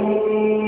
العالمين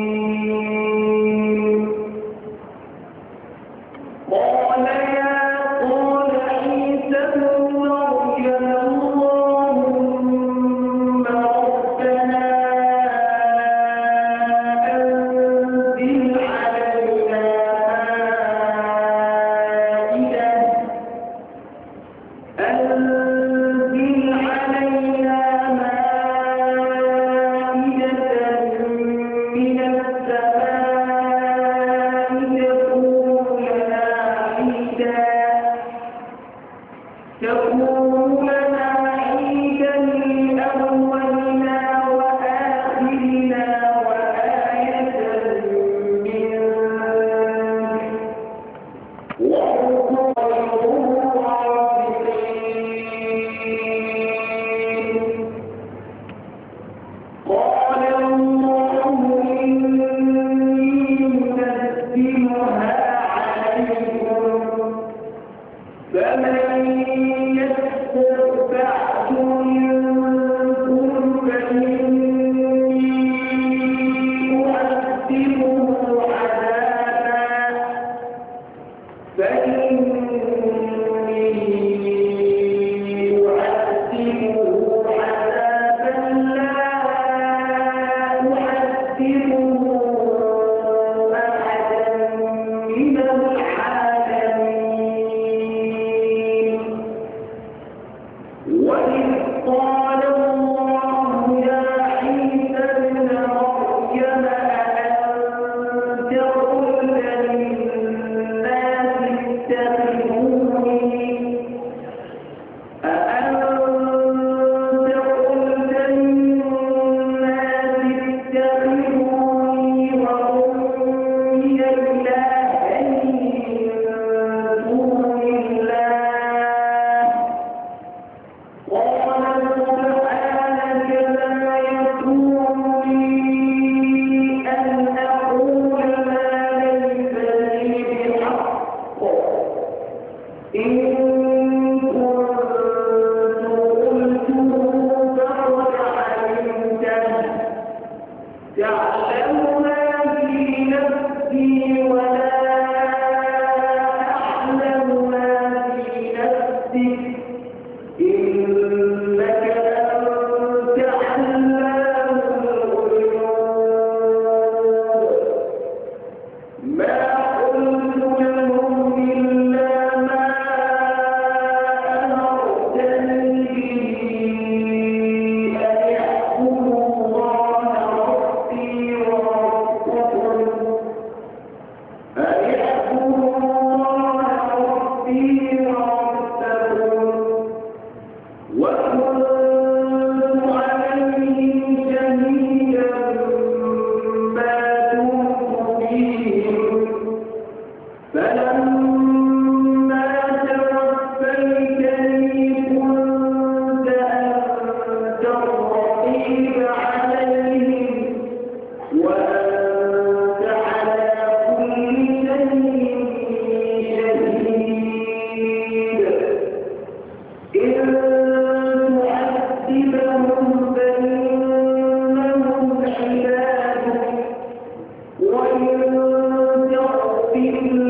إن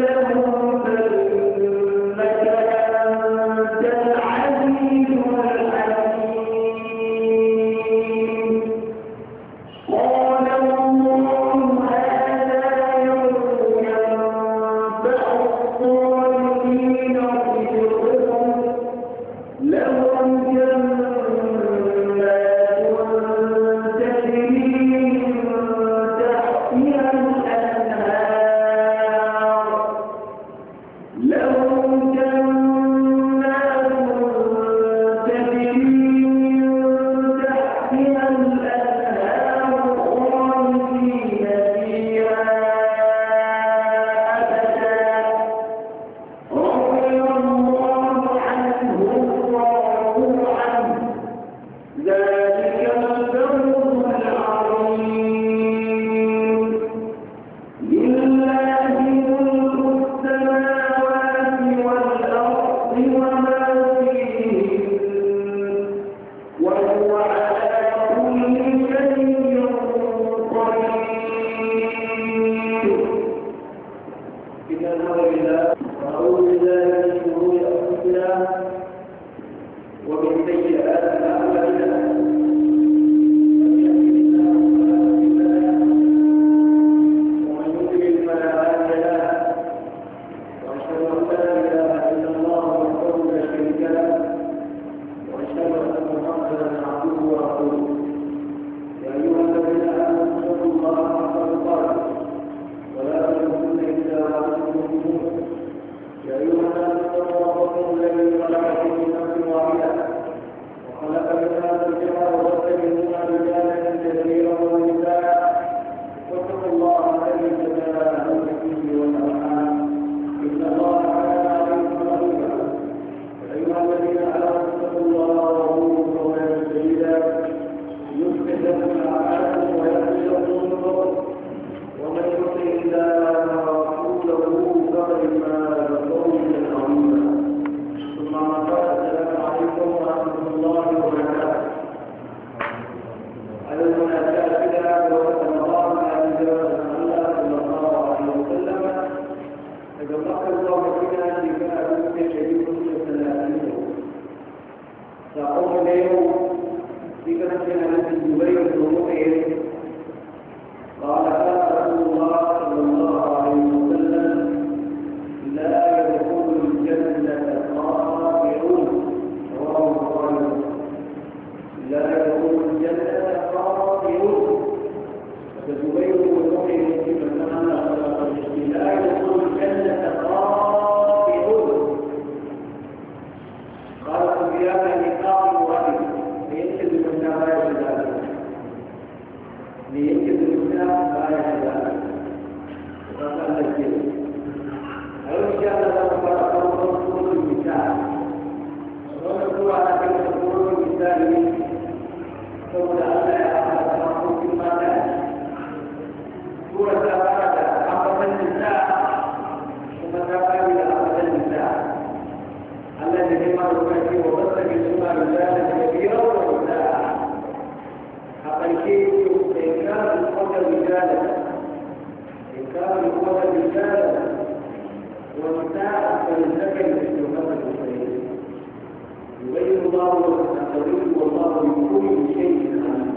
الله القدير والله بكل شيء عليم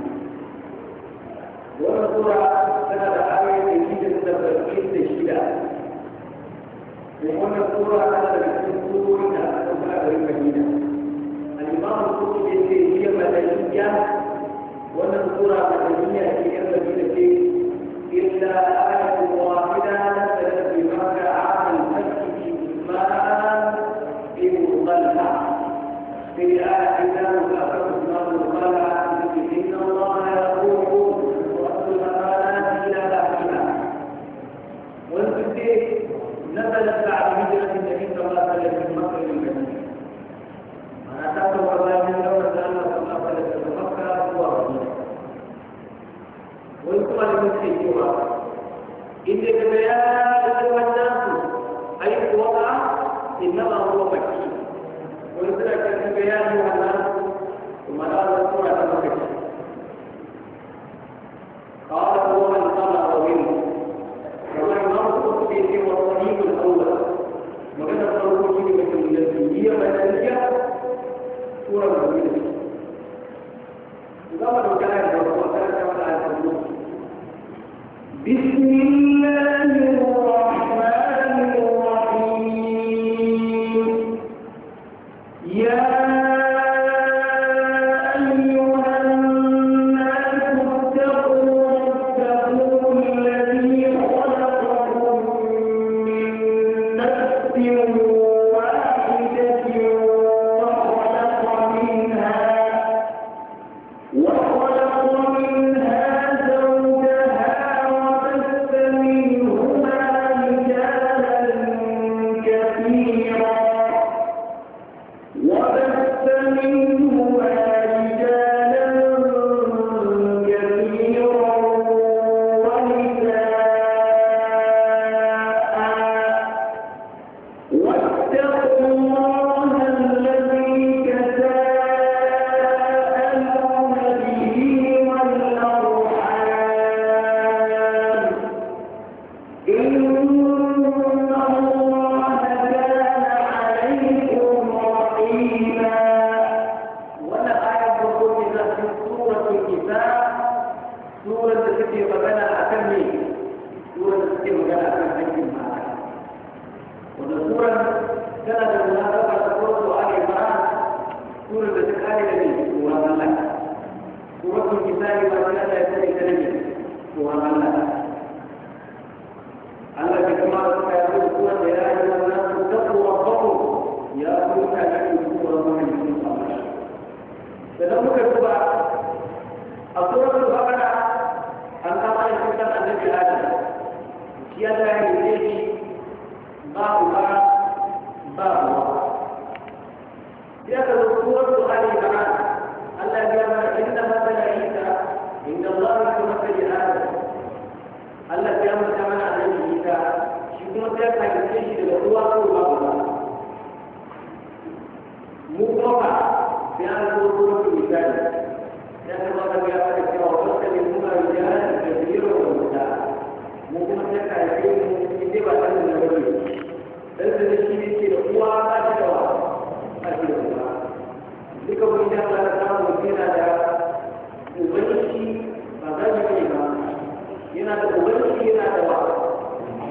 wannan sura tana da ayoyi da shi da tabbatin da shida da wannan sura tana da cikin surori da aka fara garin Madina al-Imam Qurtubi yace hiya madaniyya wannan sura madaniyya ce yan Madina ce illa ayatu wa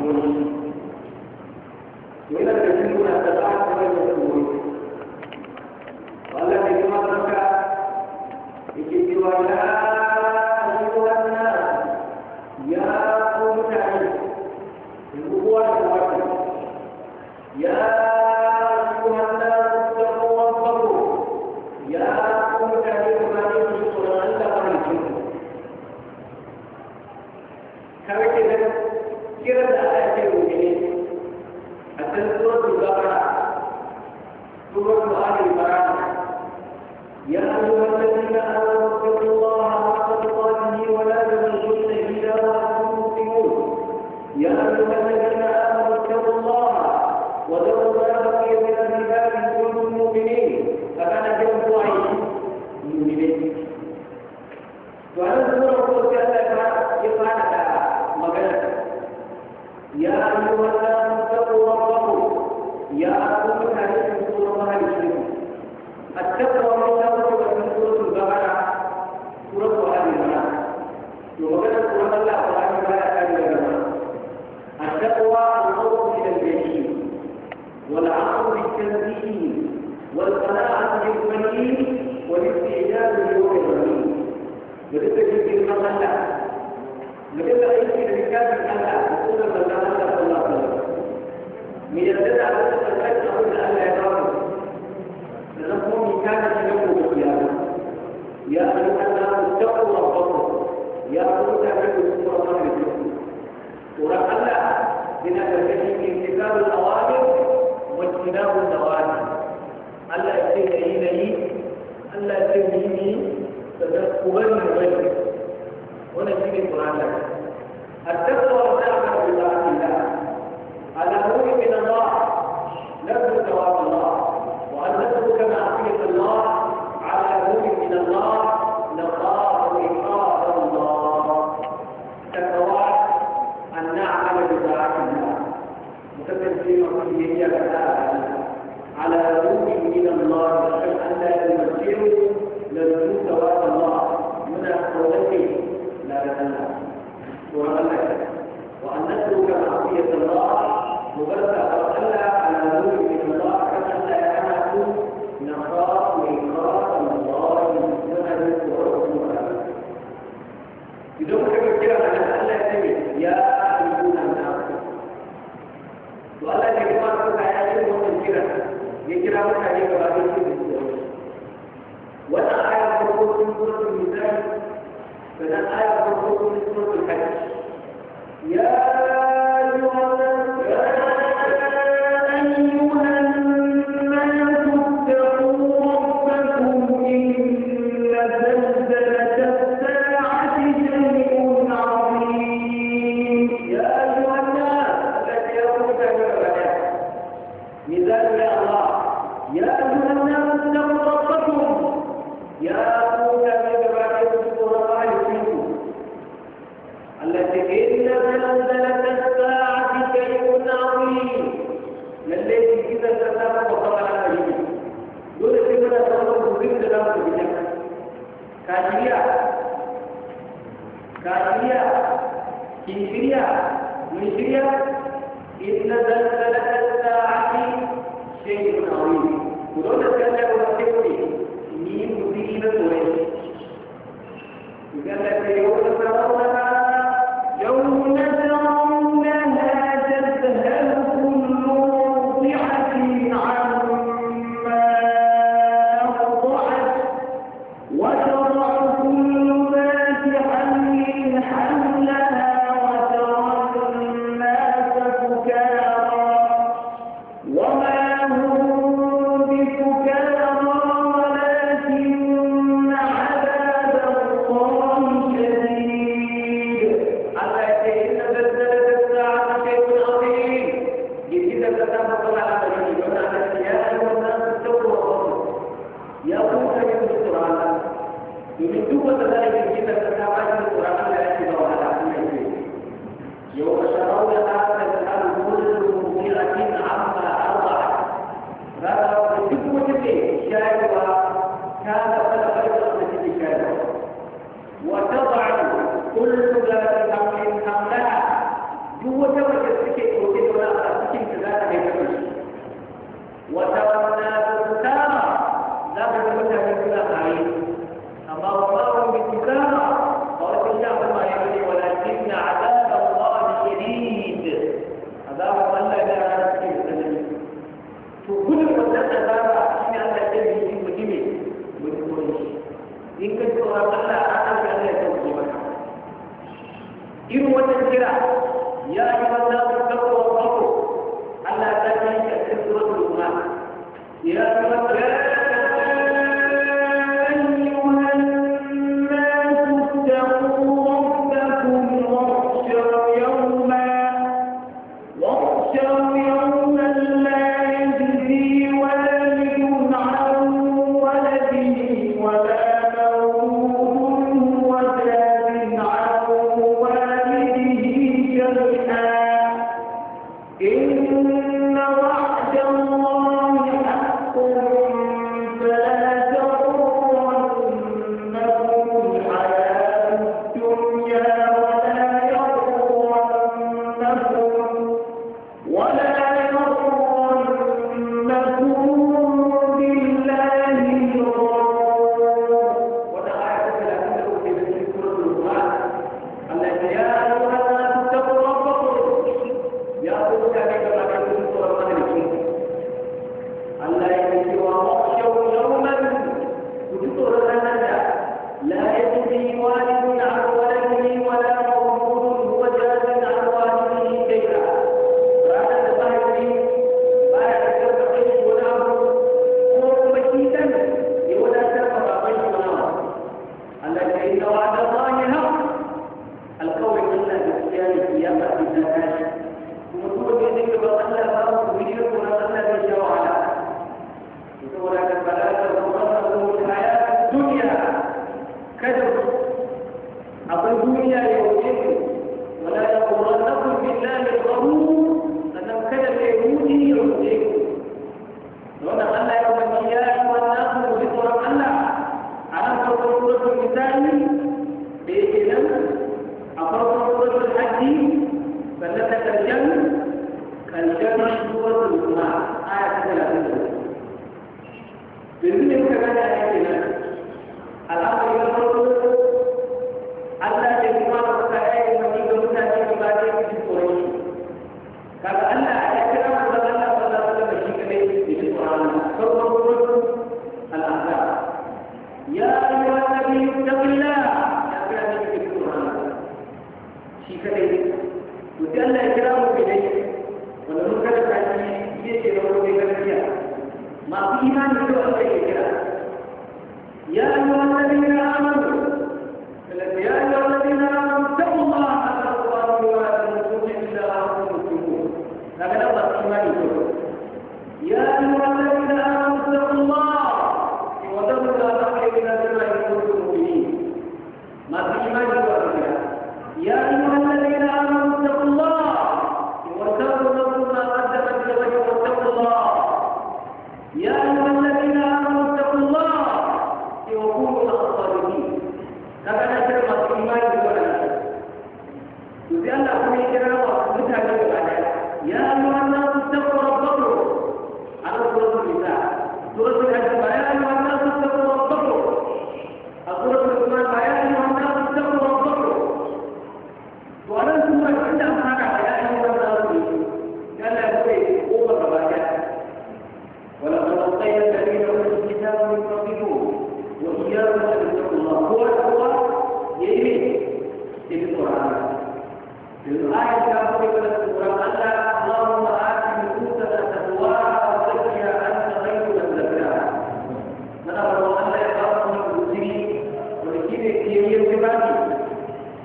Thank you. Allah ya ce mu yi sannan ku bari mu bari wannan shi ne Qur'ani at-taqwa هجرية هجرية إن زلزلة الساعة شيء عظيم ولو تتكلم وتكفي مين مصيبة قريش يقول لك يوم ترونها يوم ترونها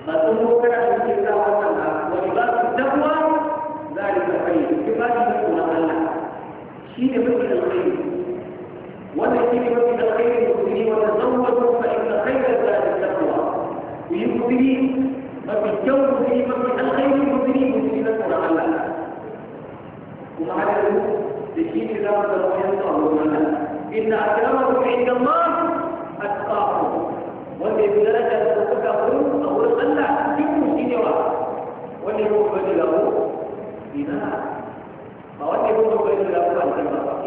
فتقول كان التقوى ذلك خير إبادة التقوى الله شيء مثل الخير والذي مثل الخير المسلمين وتزوجوا فإن خير ذات التقوى ويمسلمين ففي الجو مسلمين ففي الخير المسلمين مسلمين القرآن الله ومعلمه لشيء كتاب التقوى الله إن أكرمكم عند الله أتقاكم والذي درجة تتقون الشرع وليكون له بناء فوليكون له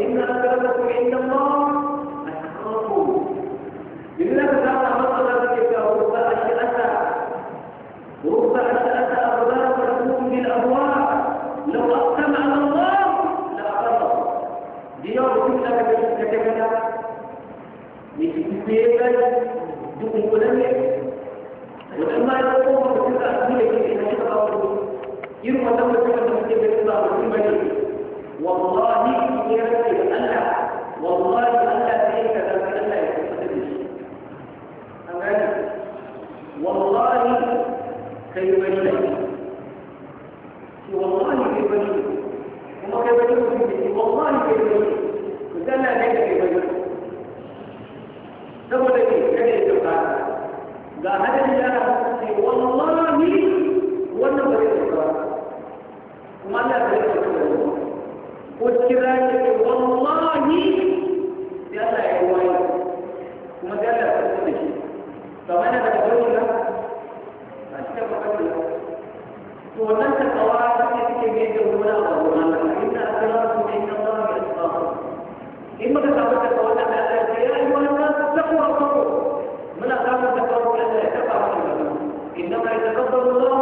إن أكرمكم عند الله أتقاكم بالله تعالى مثلا ذلك رب أشأت رب أشأت أرباب لكم بالأبواب لو أقسم على الله لأقره ليرجو لك بشكتك لتكتبك دون ولما يقوم يجب أن والله يرسل ألا والله ألا تلك والله كيبني والله كيبني وما كيبني والله كيبني وكان لا ليس كيبني ga hadari da aka kasance wallahi wannan ba zai ba kuma Allah ba zai ba ko kira ce wallahi sai Allah ya wani kuma sai Allah ya kasance shi kamar da daga gurin nan a cikin bakatun to wannan takawa ta ce take mai da wani abu na Allah inda Allah ya kasance in ba ka samu الله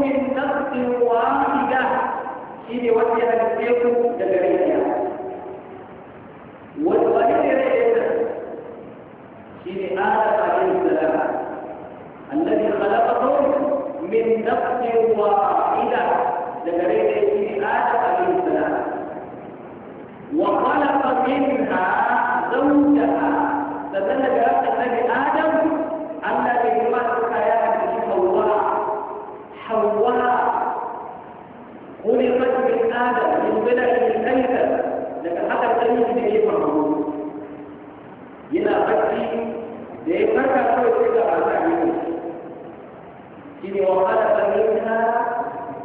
من نفس واحدة شيء وجه الشيخ تجريها والوليد رئيسة شيء آدم عليه السلام الذي خلقه من نفس واحدة تجريها شيء آدم عليه السلام وخلق منها زوجها فدل جواب النبي آدم أن لهما الحياة حواء خلقت من آدم من بلع الأيضا لكن حتى تنين من أي مرمون ينا بكي لأنك كوي تجد على تعليمه كني وخلق منها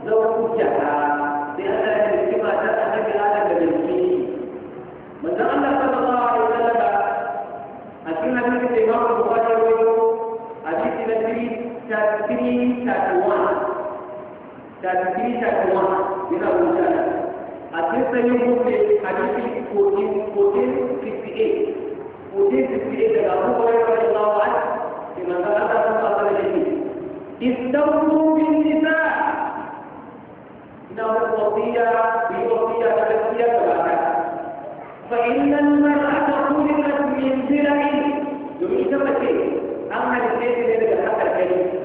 زوجها لأنها كما تأتي آدم بالجنين من ذا صلى الله عليه وسلم أكيد من الإمام البخاري حديث الذي تكريم تكوان تثبيت الوحي بلا مجالة أتيت يوم في حديث فوتين فوتين فيفتي إيه فوتين فيفتي إيه لأن أبو هريرة رضي الله عنه لما ثبت صلى الله عليه وسلم استوفوا بالنساء إنه وصية بوصية تزكية تبعها فإن المرأة خلقت من درع يميت مكين أما الاثنين من الحق الكريم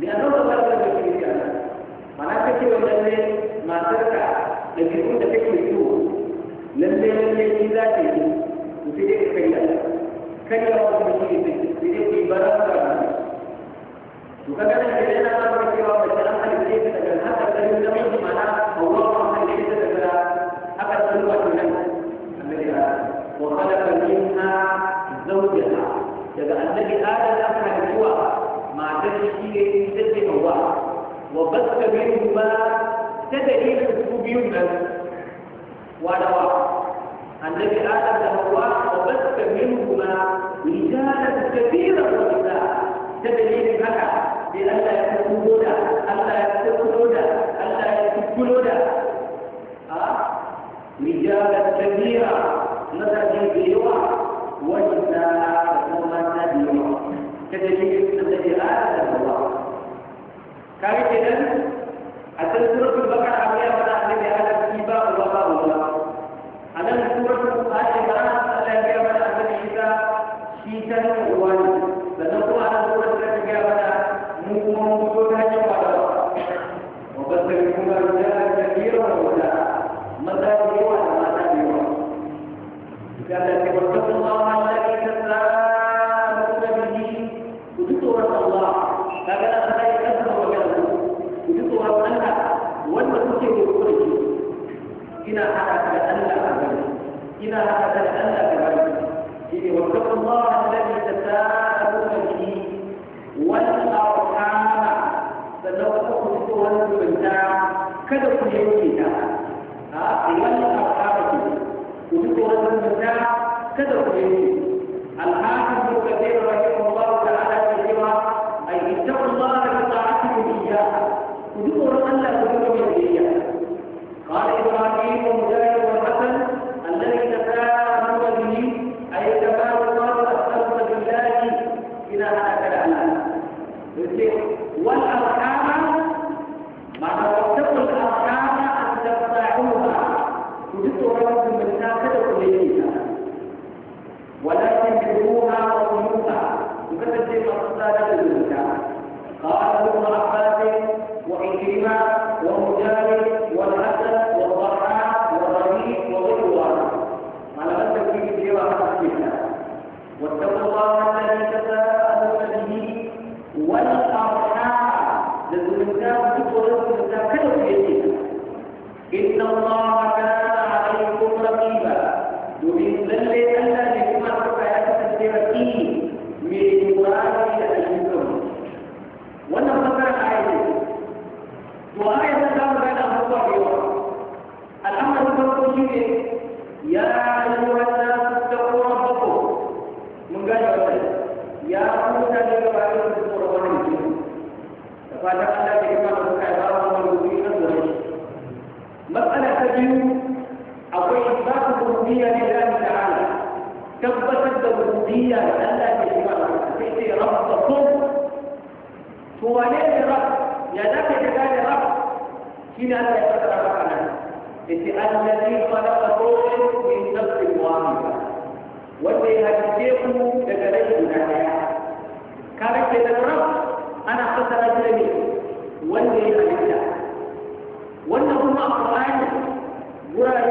lianu wata da kiri kana mana ta ce wannan ne matar ka da ke kuma take kiri nan ne ne ki za ta yi ku ce ne kai ya ba to kaga nan ke yana ta ba ki ba ba ta ta daga haka da ni da mun mana Allah ma sai ne ta daga haka da ruwa ta nan Allah ya wa khalaqa minha zawjaha daga annabi Adam ya fara zuwa عبدالله إليه جد الله وبث منهما تدريب أسلوب يمنى ودواء النبي آدم لهواء وبث منهما رجالا كثيرا ونساء تدريب هكا لئلا يكتبون ألا يكتبون ألا يكتبون رجالا كثيرا نسجل بيوا ونساء ومساء kejadian menjadi ada Allah. Kami tidak ada surat berbakar Allah pada hari ada tiba Allah Allah. Ada surat berbakar Allah ومثل هذا المساء كذا في الحاكم ابن كثير رحمه الله تعالى يقول اي اتقوا الله بطاعتكم اياه وذكر ان لا تذكر قال ابراهيم ومجاهد wanda ya halice ku daga rai guda daya kare ke da rab ana fasara da ne wanda ya halitta wannan kuma a ƙwari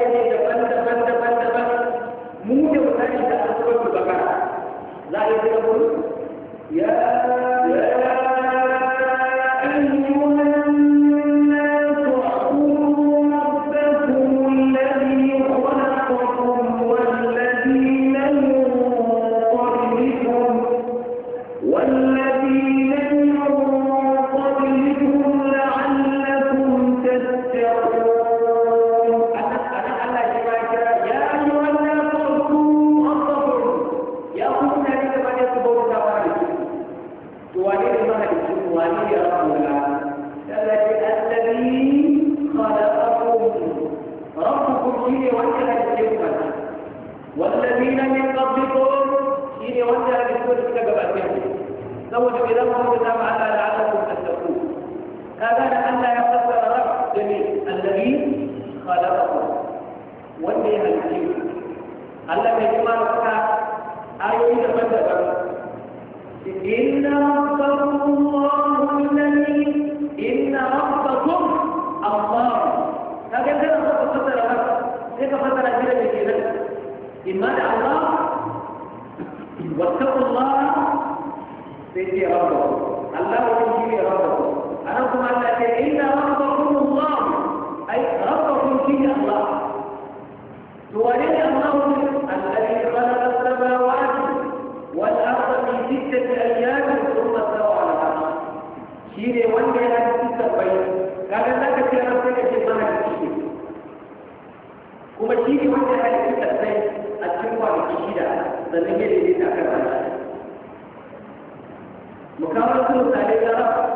su mutane gara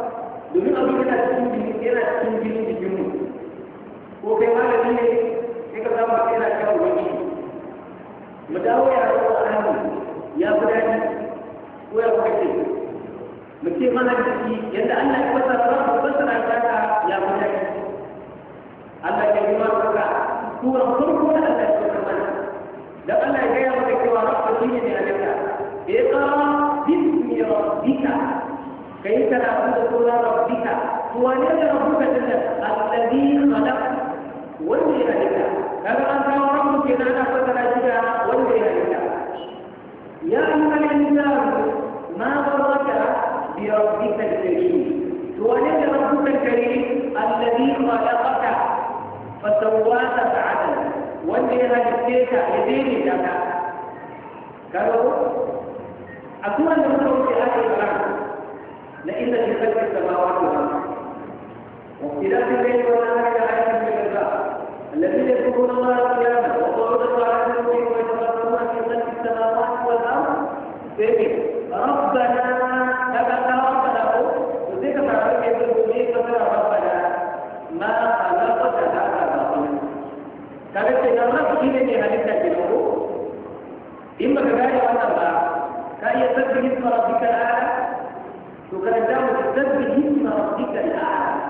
domin abin yana cikin jini yana cikin jikin jikinmu ko kai malami ne sai ka samu yana kan wani mu dawo ya zo a hannu ya fi daɗi ko ya fi ce mu ce mana jiki yadda Allah ya fasara ba mu fasara ta ka ya fi daɗi Allah ya yi ma saka turan farko da Allah ya fasara mana dan Allah ya gaya maka cewa ba ku ne ne a daga eh كيف نعبد ربك هو ليس ربك جل الذي خلق والذي لك هذا أنت وربك أنا فترة جدا لك يا أيها الإنسان ما غرك بربك الكريم هو ليس ربك الكريم الذي خلقك فسواك فعلا والذي لك يديني لك قالوا أكون أنت في آل إبراهيم لئن في خلق السماوات والارض واختلاف الليل والنهار لآيات للعباد الذين يذكرون الله قياما وقعودا وعلى جنوبهم ويتفكرون في خلق السماوات والارض ربنا ربنا ما إما كذلك وأنا لا كأي سبب اسم ربك الأعلى وكان دعوة تسبح اسم ربك الأعلى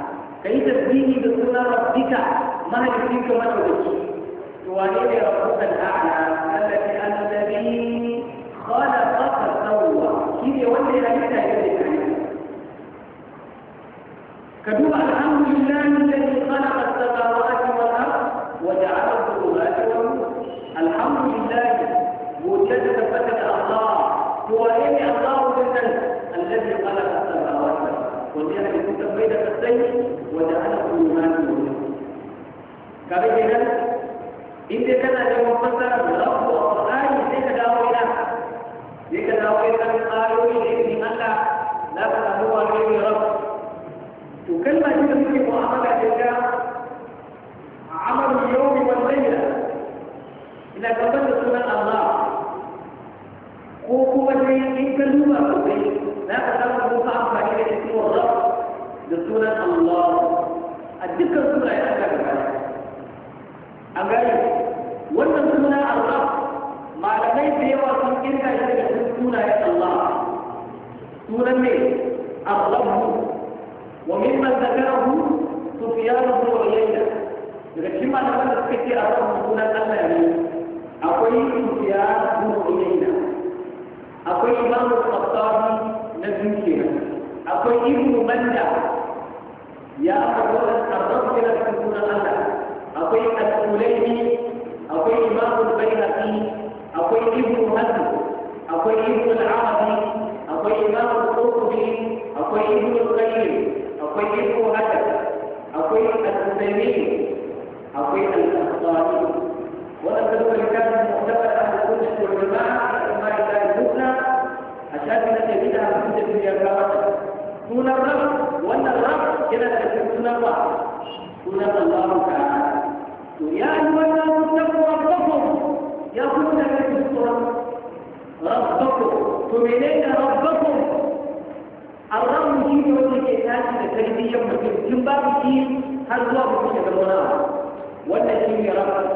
كي تسبيه باسم ربك ما يكفيك ما تبكي تواليه ربك الأعلى الذي الذي خلقك سوى كيف يولي لك ذلك كتب الحمد لله الذي خلق السماوات والأرض وجعل الظلمات والنور الحمد لله وجدت فتح الله هو إيه الله بالنسبة الذي خلق السماوات والارض يكون بين السيف وجعله ايمان kaga kenan in dai kana neman fasara da rabu a Qur'ani sai ka dawo ina sai ka dawo ina kan ayoyi da izinin Allah za ka samu wani ne rabu to kalma ce da muke mu'amala da ita amal yawmi wal layla ina gaban da sunan Allah ko kuma dai in ka duba sosai لا تتوقع مصعب فاكرة اسمه الرب لسورة الله الذكر سورة يتحدث عنها أمري wannan suna Allah malamai da yawa sun kirka shi daga cikin sunayen Allah sunan ne Allah wa mimman zakarahu sufyan ibn uyayna daga cikin malaman da suka ce Allah sunan Allah ne akwai sufyan ibn uyayna akwai imam al-qattabi na biyu ke akwai ibnu manda ya faɗo da tsarrafa da sunan Allah akwai al-Kulaini akwai Imam al-Baihaqi akwai Ibn Hazm akwai Ibn al-Arabi akwai Imam qurtubi akwai Ibn qayyim akwai Ibn Hajar akwai al-Uthaymeen akwai al-Qahtani wannan dukkan kan mutabara al-Qurtubi wal Jama'a al-Ma'ida al-Husna الشافعي الذي بدأ في الدنيا كما دون الرب وأن الرب كده تكون دون الله دون الله تعالى يا أيها الناس اتقوا ربكم يا كل من ربكم إلينا ربكم الرب شيء يقول لك الناس تكذب يوم الدين جنبك شيء هل هو بكم يا ولا شيء ربك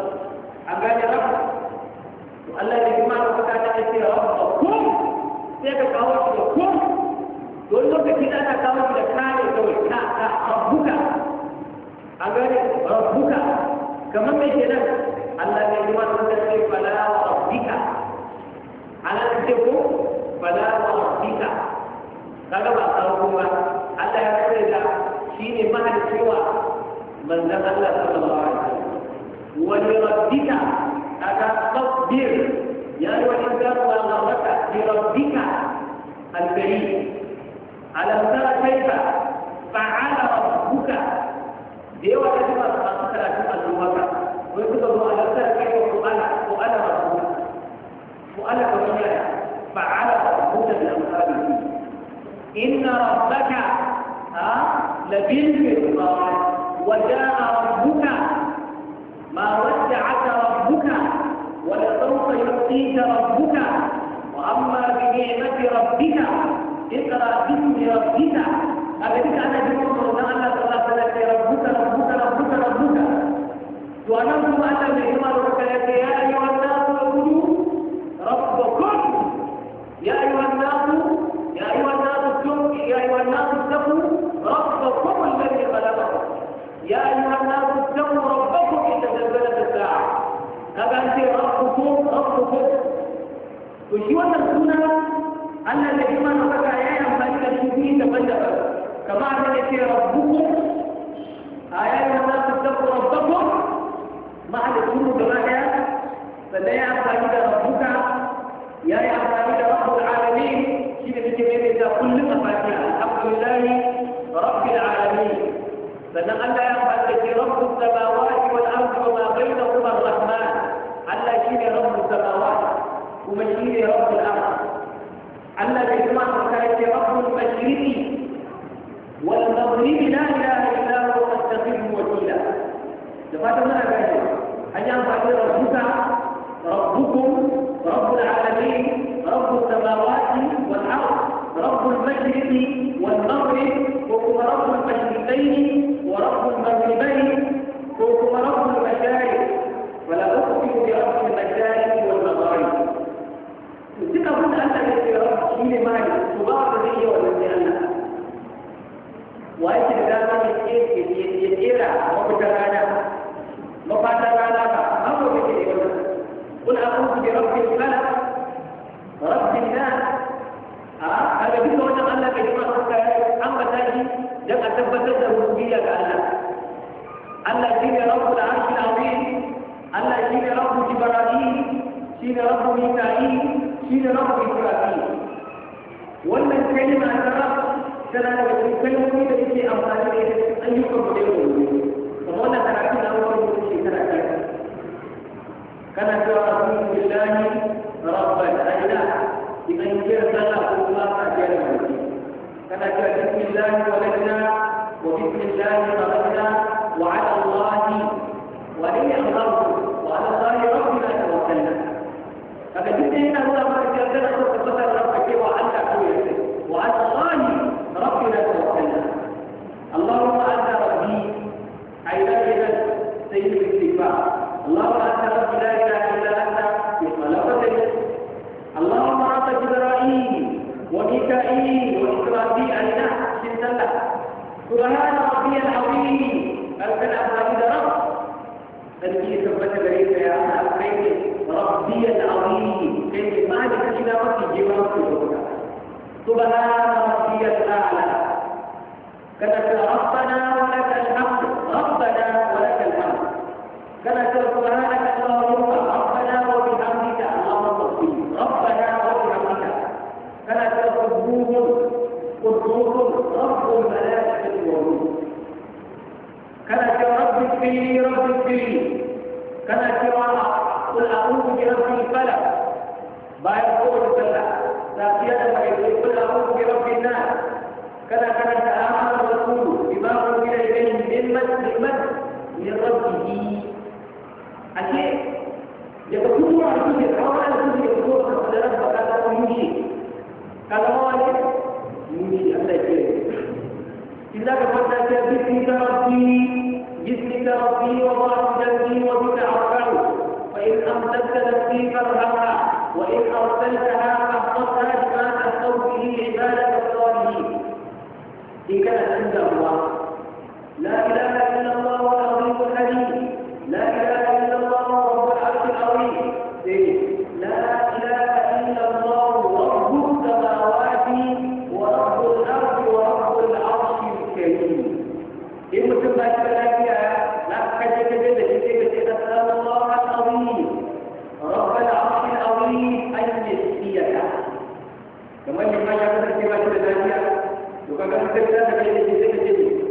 وكما ذكرنا في الحديث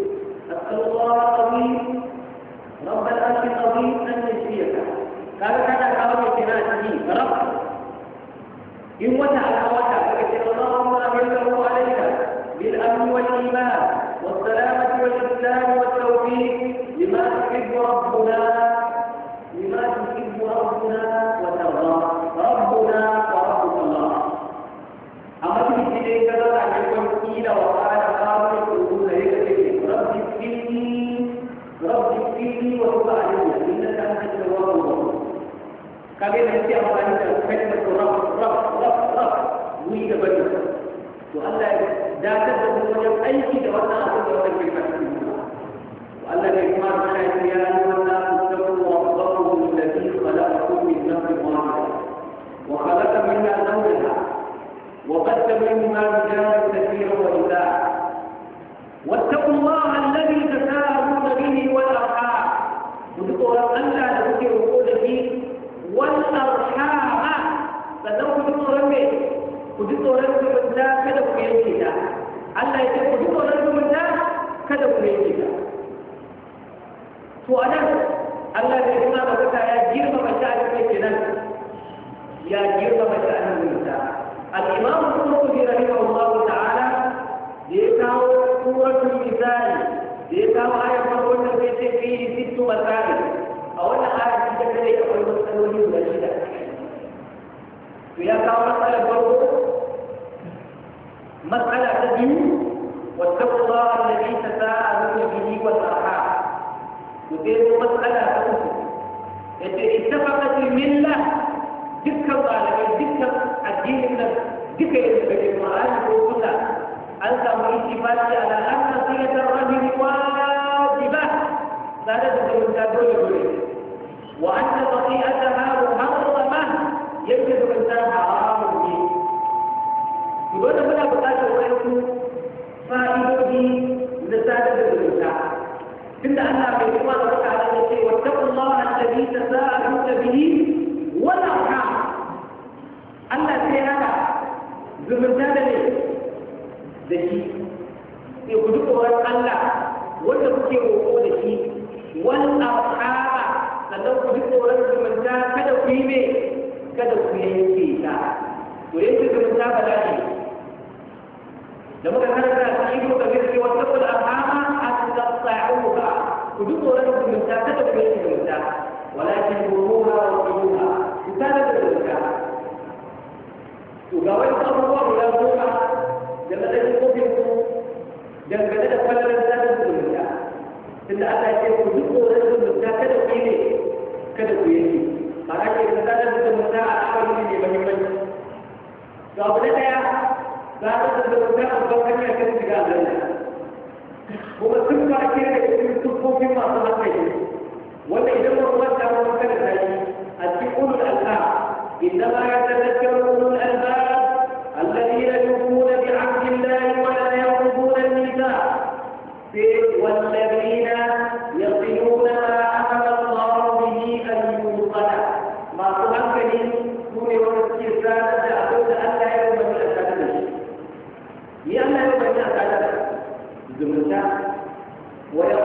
الله العظيم رب الأرش العظيم أن يشفيك قال كان حاول جناته رب إن وسع الحواسع فكثر اللهم أجله عليك بالأمن والإيمان والسلامة والإسلام والتوفيق لما تحب ربنا وقالوا مسألة إذا اتفقت الملة ذكر طالبين ذكر الدين ذكر القرآن وكذا أنت مؤتفاك على أن صلة الرجل واجبة لا تدخل من تدخل وأن بقيئتها محرمة يجب من تدخل حرام به يقول هنا بقاته وإنه فائدة لسادة الدنيا إلا أنها بإخوان تعالى التي واتقوا الله الذي تساءلون به والأرحام ألا سيئنا زمرنا لديه ذكي يخدقوا الله وتبكي وقوه ذكي والأرحام sannan ku ji tsoron zumunta kada ku yi me kada ku yanke ta ku yanke zumunta ba za ne da muka karanta a cikin ko kamar cewa tabbul arhama a تقطعوها وجود لكم من ساكتة بيت الإنسان ولكن مرموها وقيموها كتابة الإنسان وقاوين الله إلى الزوحة لما تجدوا جنب ذلك ولا من ساكتة الإنسان إن أتى شيء وجود لكم من ساكتة بيت kada ku yi ba za ka da mutum a akwai ne mahimmanci to abu na daya za ka da mutum a kan hanyar kan shiga aljanna kuma sun ka ke da cikin tuffofin masu hankali wanda idan ba kuma ta wani kada ta yi a cikin ulul alba idan ma ya tazakkaru ulul alba alladhina yuquna bi ahdillahi wa la yanquduna al-mithaq sai والذين يصلون ما أمر الله به أن يوصل ما تمكن من الاستهزاء zumunta wa ya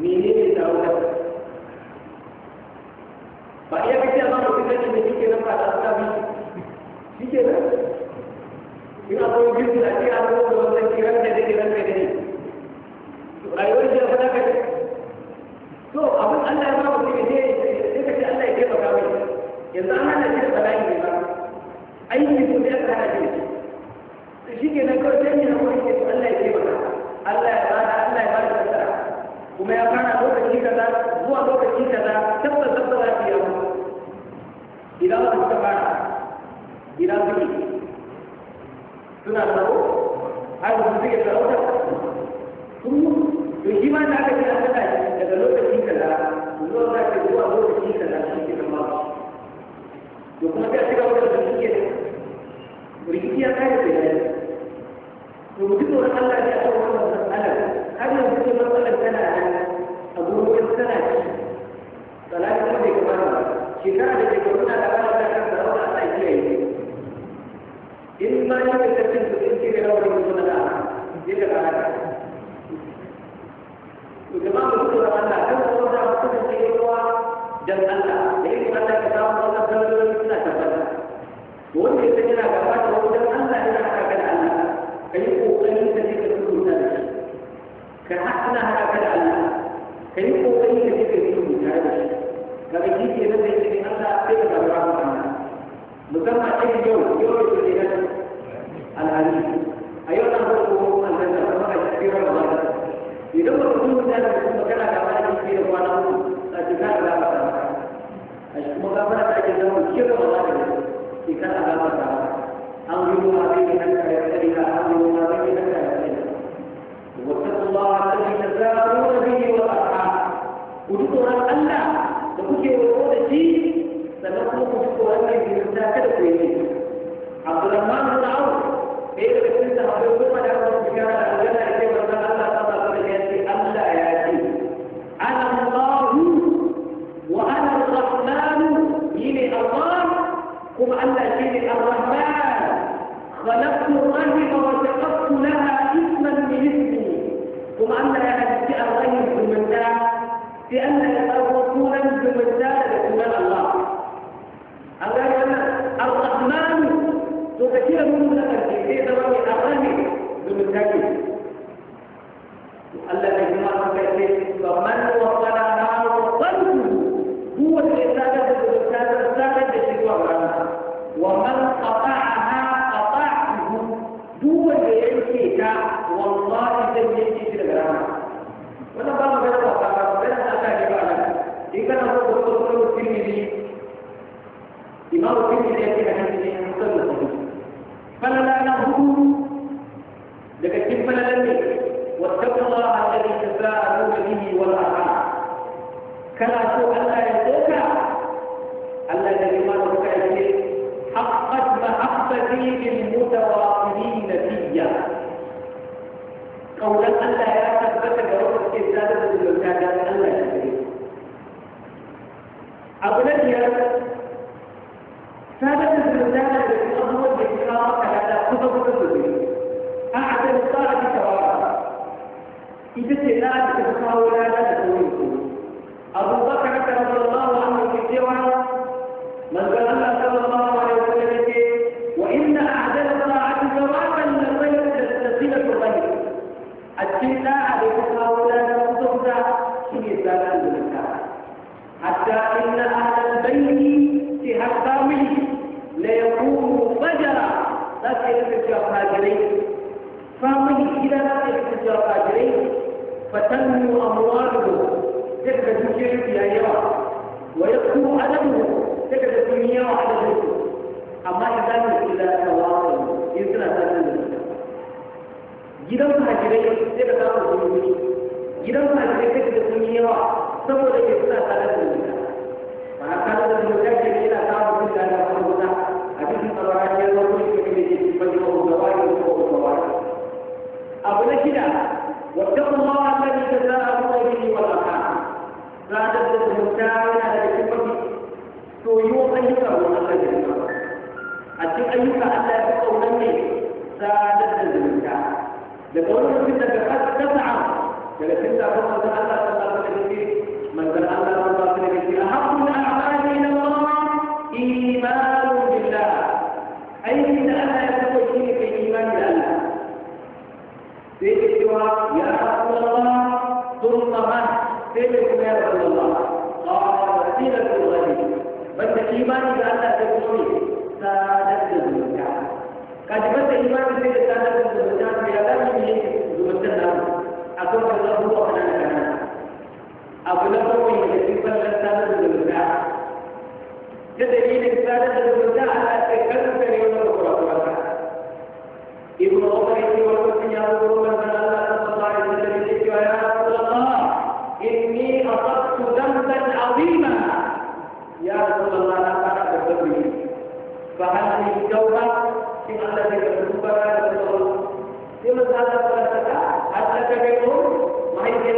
menene tawar ba iya kace ba ko kike da kike nan ba ta sabi kike da ina so girki a cikin abubuwan da kike da kike da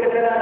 que